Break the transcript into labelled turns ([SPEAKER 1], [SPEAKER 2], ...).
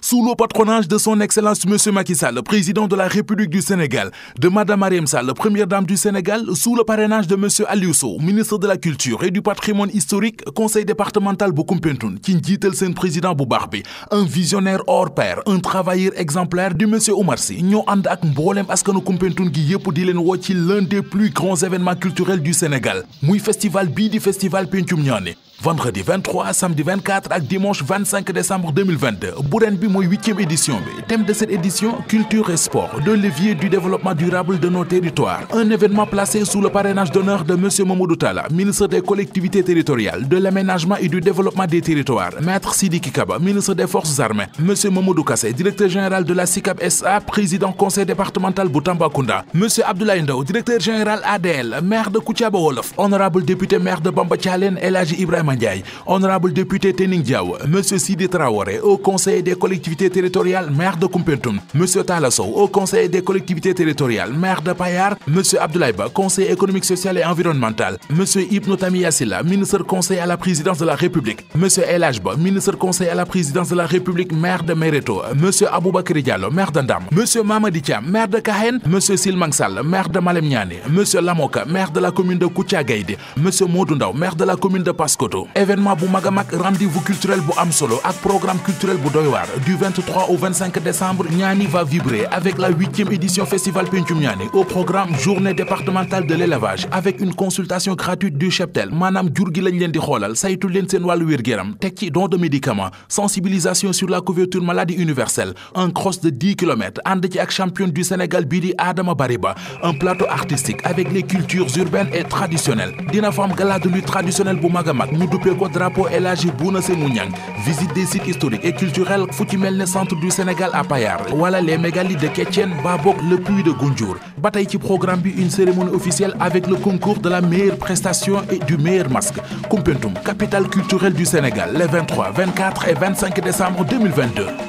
[SPEAKER 1] Sous le patronage de son Excellence Monsieur Macky Sall, président de la République du Sénégal, de Madame Mariam Sall, première dame du Sénégal, sous le parrainage de Monsieur Aliou ministre de la Culture et du Patrimoine historique, conseil départemental bu qui dit président bu un visionnaire hors pair un travailleur exemplaire du Monsieur Omar Sy Nous ànd ak askanu Koumpentoum gi yépp di l'un des plus grands événements culturels du Sénégal oui festival Bidi festival Pentium vendredi 23 samedi 24 et dimanche 25 décembre 2022 bu Bimou, huitième édition thème de cette édition culture et sport De l'évier du développement durable de nos territoires un événement placé sous le parrainage d'honneur de M. Mamadou Tala, ministre des collectivités territoriales de l'aménagement et du développement des territoires maître Sidi Kikaba ministre des forces armées M. Momo Kassé directeur général de la SICAP SA président conseil départemental Boutamba Kunda monsieur Abdoulaye Ndou, directeur général ADL maire de Kouchaba Wolof honorable député maire de Bamba El Ibrahim honorable député Tening Diaw, M. Sidi Traoré au Conseil des collectivités territoriales, maire de Kumpentum, M. Talasso au Conseil des collectivités territoriales, maire de Payar, Monsieur Abdoulaye conseil économique, social et environnemental, Monsieur Ibn ministre conseil à la présidence de la République, Monsieur El ministre conseil à la présidence de la République, maire de Mereto, Monsieur Abuba Diallo, maire d'Andam, M. Mamadi maire de Kahen, M. Silmangsal maire de Malemniani, Monsieur Lamoka, maire de la commune de Kouchagaïde Monsieur M. Modundao, maire de la commune de Pascoto événement bu Magamak rendez-vous culturel bu am solo ak programme culturel bu doy du 23 au 25 décembre Niani va vibrer avec la 8 8e édition festival Pencum Niani au programme journée départementale de l'élevage avec une consultation gratuite du cheptel Madame jur lañ leen di xolal saytu leen sen walu don de médicaments sensibilisation sur la couverture maladie universelle un cross de 10 km and ci ak champion du Sénégal Bidi di Adama Bariba un plateau artistique avec les cultures urbaines et traditionnelles dina fam gala de traditionnelle bu Magamak duppee ko drapeau et Hadji visite des sites historiques et culturels fu centre du Sénégal à Payar wala les mégalithes de Kétienne Babok le puits de Goundiour Bataïti programme une cérémonie officielle avec le concours de la meilleure prestation et du meilleur masque Kumpentum, capitale culturelle du Sénégal les 23 24 et 25 décembre 2022